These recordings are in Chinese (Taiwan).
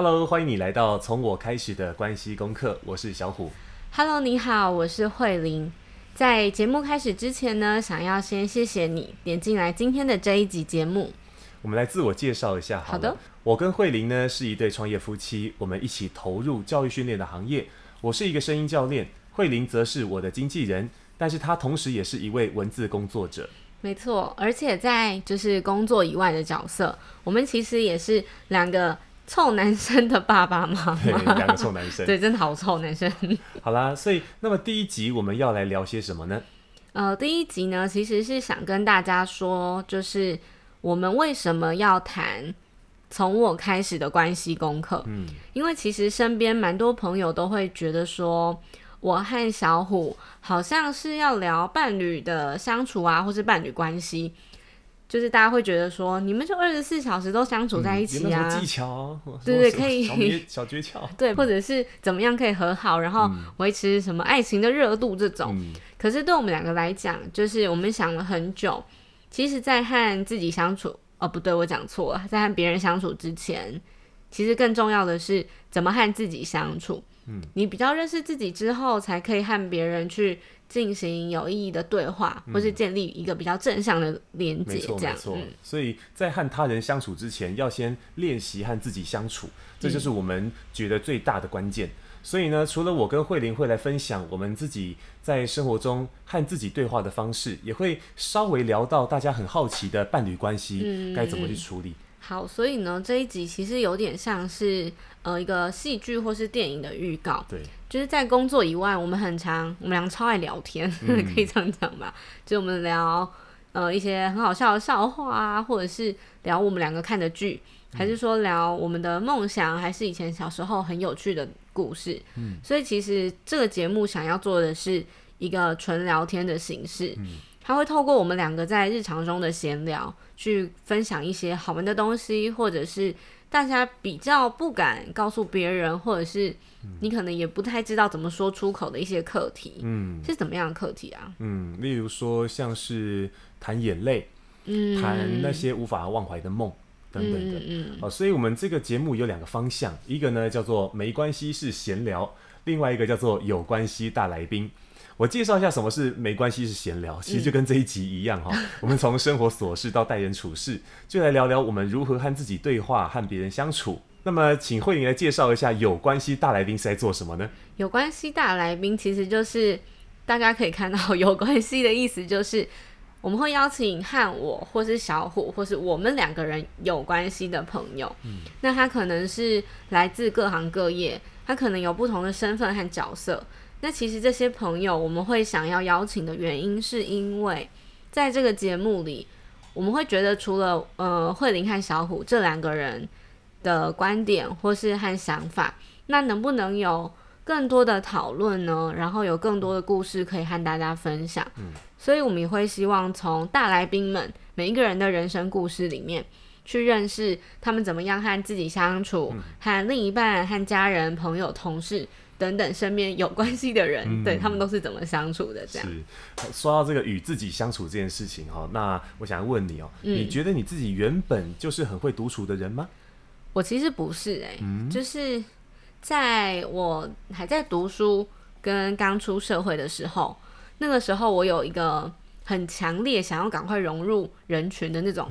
Hello，歡迎你來到從我開始的關係功課。我是小虎。Hello，你好，我是慧玲。在節目開始之前呢，想要先謝謝你點進來今天的這一集節目。我們來自我介紹一下好。好的。我跟慧玲呢是一對創業夫妻，我們一起投入教育訓練的行業。我是一個聲音教練，慧玲則是我的經紀人，但是她同時也是一位文字工作者。沒錯，而且在就是工作以外的角色，我們其實也是兩個。臭男生的爸爸嗎？對，兩個臭男生， 對，真的好臭男生。好啦，所以那麼第一集我們要來聊些什麼呢？呃，第一集呢，其實是想跟大家說，就是我們為什麼要談從我開始的關係功課。嗯，因為其實身邊蠻多朋友都會覺得說，我和小虎好像是要聊伴侶的相處啊，或是伴侶關係。就是大家會覺得說，你們就二十四小時都相處在一起啊，有、嗯、技巧，對，對對，可以小訣竅，對，或者是怎麼樣可以和好，然後維持什麼愛情的熱度這種。嗯、可是對我們兩個來講，就是我們想了很久，嗯、其實在和自己相處，哦不對，我講錯了，在和別人相處之前，其實更重要的是怎麼和自己相處。嗯，你比較認識自己之後，才可以和別人去進行有意義的對話，嗯、或是建立一個比較正向的連接。這樣，嗯、所以在和他人相處之前，要先練習和自己相處，這就是我們覺得最大的關鍵。嗯、所以呢，除了我跟慧玲會來分享我們自己在生活中和自己對話的方式，也會稍微聊到大家很好奇的伴侶關係，嗯、該怎麼去處理。好，所以呢，這一集其實有點像是呃一個戲劇或是電影的預告。對，就是在工作以外，我們很常，我們倆超愛聊天，嗯、可以這樣講吧？就我們聊呃一些很好笑的笑話啊，或者是聊我們兩個看的劇，還是說聊我們的夢想，嗯、還是以前小時候很有趣的故事。嗯，所以其實這個節目想要做的是，一個純聊天的形式，他會透過我們兩個在日常中的閒聊，嗯、去分享一些好玩的東西，或者是大家比較不敢告訴別人，嗯、或者是你可能也不太知道怎麼說出口的一些課題，嗯，是怎麼樣的課題啊？嗯，例如說像是談眼淚，嗯，談那些無法忘懷的夢、嗯、等等的，嗯嗯、哦，所以我們這個節目有兩個方向，一個呢，叫做沒關係是閒聊，另外一個叫做有關係大來賓。我介紹一下什麼是沒關係，是閒聊。其實就跟這一集一樣哈，嗯、我們從生活瑣事到待人處事， 就來聊聊我們如何和自己對話，和別人相處。那麼，請慧玲來介紹一下有關係大來賓是在做什麼呢？有關係大來賓其實就是大家可以看到，有關係的意思就是我們會邀請和我或是小虎或是我們兩個人有關係的朋友。嗯，那他可能是來自各行各業，他可能有不同的身份和角色。那其實這些朋友，我們會想要邀請的原因，是因為在這個節目裡，我們會覺得除了呃慧玲和小虎這兩個人的觀點或是和想法，那能不能有更多的討論呢？然後有更多的故事可以和大家分享。嗯，所以我們也會希望從大來賓們每一個人的人生故事裡面，去認識他們怎麼樣和自己相處，嗯，和另一半、和家人、朋友、同事。等等，身邊有關係的人，嗯、對他們都是怎麼相處的？這樣是說到這個與自己相處這件事情哈，那我想問你哦、喔，嗯、你覺得你自己原本就是很會獨處的人嗎？我其實不是哎、欸，嗯、就是在我還在讀書跟剛出社會的時候，那個時候我有一個。很強烈想要趕快融入人群的那種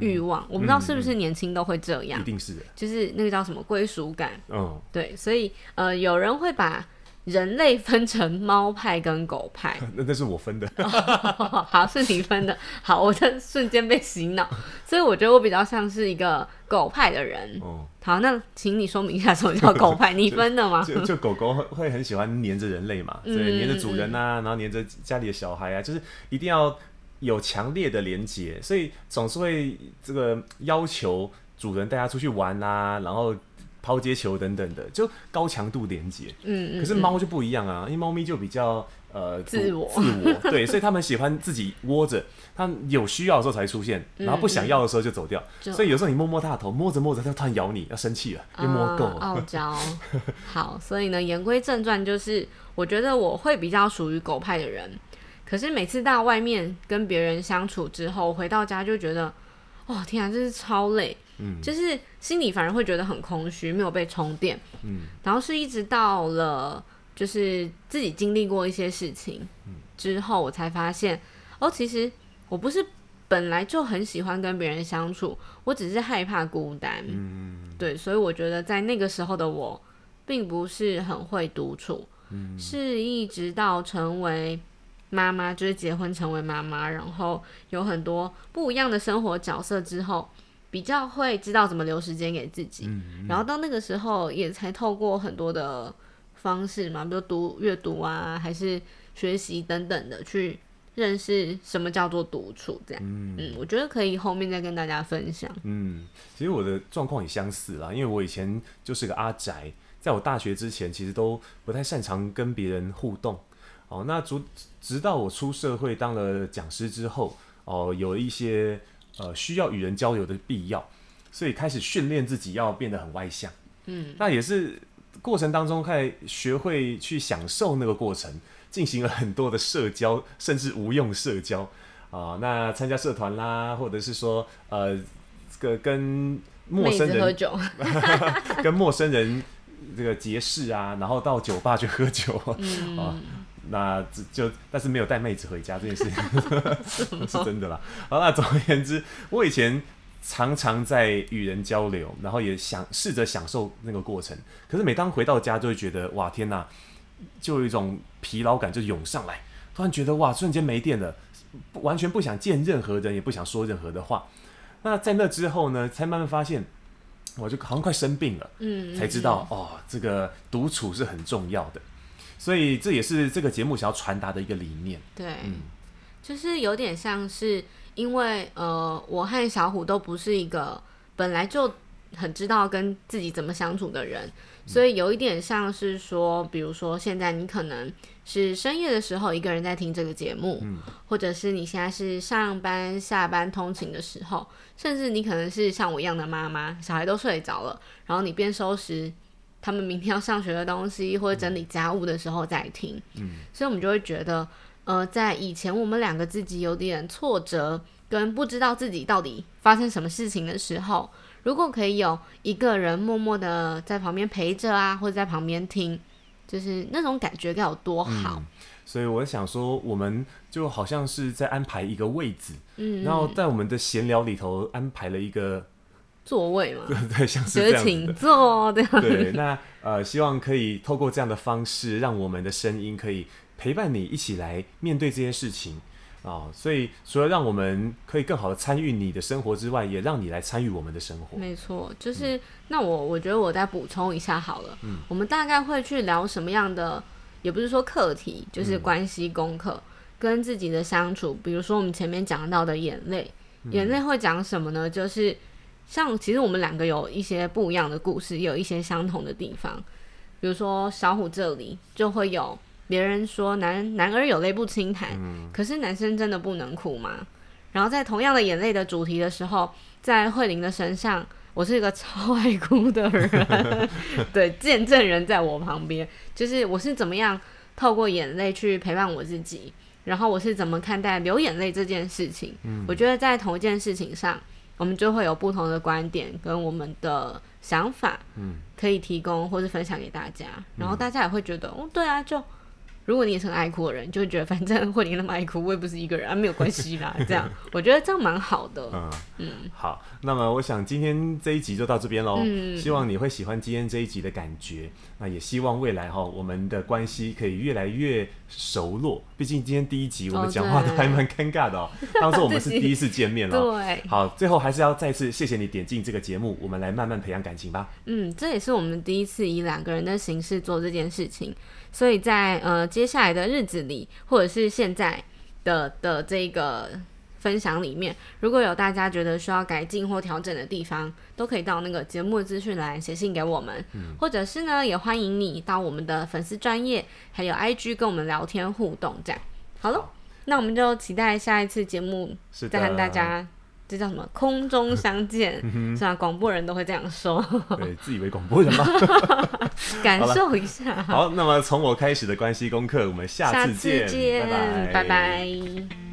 慾望，嗯、我不知道是不是年輕都會這樣，嗯、是就是那個叫什麼歸屬感，哦、對，所以呃，有人會把。人類分成貓派跟狗派，那那是我分的， 哦、好，是你分的，好，我這瞬間被洗腦，所以我覺得我比較像是一個狗派的人。哦、好，那請你說明一下什麼叫狗派？呵呵你分的嗎？就、就、就狗狗會很喜歡黏着人類嘛，對、嗯，黏着主人啊，然後黏着家裡的小孩啊，就是一定要有強烈的連接，所以總是會這個要求主人帶他出去玩啊，然後。拋接球等等的，就高強度連接、嗯。嗯，可是貓就不一樣啊，嗯、因為貓咪就比較呃自我自我，對， 所以他們喜歡自己窩着，它有需要的時候才出現，嗯、然後不想要的時候就走掉。嗯、所以有時候你摸摸它的頭，摸着摸着它突然咬你，要生氣了，又摸夠了。啊、 傲嬌。好，所以呢，言歸正傳，就是我覺得我會比較屬於狗派的人，可是每次到外面跟別人相處之後，回到家就覺得，哦天啊，真是超累。嗯，就是心裡反而會覺得很空虛，沒有被充電。嗯，然後是一直到了就是自己經歷過一些事情，嗯，之後我才發現，哦，其實我不是本來就很喜歡跟別人相處，我只是害怕孤單。嗯，對，所以我覺得在那個時候的我，並不是很會獨處。嗯，是一直到成為媽媽，就是結婚成為媽媽，然後有很多不一樣的生活角色之後。比較會知道怎麼留時間給自己，嗯、然後到那個時候也才透過很多的方式嘛，比如讀閱讀啊，還是學習等等的去認識什麼叫做獨處，這樣。嗯，嗯，我覺得可以後面再跟大家分享。嗯，其實我的狀況也相似啦，因為我以前就是個阿宅，在我大學之前其實都不太擅長跟別人互動。哦，那直直到我出社會當了講師之後，哦，有一些。呃，需要與人交流的必要，所以開始訓練自己要變得很外向。嗯，那也是過程當中開始學會去享受那個過程，進行了很多的社交，甚至無用社交啊、呃，那參加社團啦，或者是說呃，這個跟陌生人喝酒， 跟陌生人這個結識啊，然後到酒吧去喝酒。啊、呃。嗯那這就，但是沒有帶妹子回家這件事， 什麼 是真的啦。好，那總而言之，我以前常常在與人交流，然後也想試着享受那個過程。可是每當回到家，就會覺得哇天哪、啊，就有一種疲勞感就湧上來，突然覺得哇，瞬間沒電了，完全不想見任何人，也不想說任何的話。那在那之後呢，才慢慢發現，我就好像快生病了，嗯，才知道、嗯、哦，這個獨處是很重要的。所以這也是這個節目想要傳達的一個理念。對，嗯、就是有點像是因為呃，我和小虎都不是一個本來就很知道跟自己怎麼相處的人，所以有一點像是說，嗯、比如說現在你可能是深夜的時候一個人在聽這個節目，嗯、或者是你現在是上班下班通勤的時候，甚至你可能是像我一樣的媽媽，小孩都睡着了，然後你邊收拾。他們明天要上學的東西，或者整理家務的時候再聽。嗯，所以我們就會覺得，呃，在以前我們兩個自己有點挫折，跟不知道自己到底發生什麼事情的時候，如果可以有一個人默默的在旁邊陪着啊，或者在旁邊聽，就是那種感覺該有多好。嗯，所以我想說，我們就好像是在安排一個位置，嗯，然後在我們的閒聊裡頭安排了一個座位嘛， 對，對，像是這樣的。請坐，對。對，那呃，希望可以透過這樣的方式，讓我們的聲音可以陪伴你一起來面對這些事情啊、哦。所以，除了讓我們可以更好地參與你的生活之外，也讓你來參與我們的生活。沒錯，就是、嗯、那我我覺得我再補充一下好了。嗯。我們大概會去聊什麼樣的？也不是說課題，就是關係功課，嗯、跟自己的相處。比如說我們前面講到的眼淚，嗯、眼淚會講什麼呢？就是。像其實我們兩個有一些不一樣的故事，也有一些相同的地方。比如說小虎這裡就會有別人說男男兒有淚不輕彈，嗯、可是男生真的不能哭嗎？然後在同樣的眼淚的主題的時候，在慧玲的身上，我是一個超愛哭的人。 對，見證人在我旁邊，就是我是怎麼樣透過眼淚去陪伴我自己，然後我是怎麼看待流眼淚這件事情。嗯、我覺得在同一件事情上。我們就會有不同的觀點跟我們的想法，嗯，可以提供或者分享給大家，嗯、然後大家也會覺得，嗯、哦，對啊，就。如果你也是很愛哭的人，就會覺得反正慧玲那麼愛哭，我也不是一個人啊，沒有關係啦。 這樣，我覺得這樣蠻好的。嗯嗯。嗯好，那麼我想今天這一集就到這邊嘍。嗯，希望你會喜歡今天這一集的感覺。那也希望未來哈，我們的關係可以越來越熟絡。畢竟今天第一集我們講話都還蠻尷尬的，喔，哦，對對對，當時我們是第一次見面了，對。 自己 好，最後還是要再次謝謝你點進這個節目，我們來慢慢培養感情吧。嗯，這也是我們第一次以兩個人的形式做這件事情。所以在呃接下來的日子裡，或者是現在的的這個分享裡面，如果有大家覺得需要改進或調整的地方，都可以到那個節目的資訊欄寫信給我們，嗯、或者是呢，也歡迎你到我們的粉絲專頁還有 IG 跟我們聊天互動，這樣好了。那我們就期待下一次節目再和大家。這叫什麼？空中相見， 嗯、哼是啊。廣播人都會這樣說。 對，自以為廣播人嘛， 感受一下。好，好，那麼從我開始的關係功課，我們下次見，下次見，拜拜。拜拜。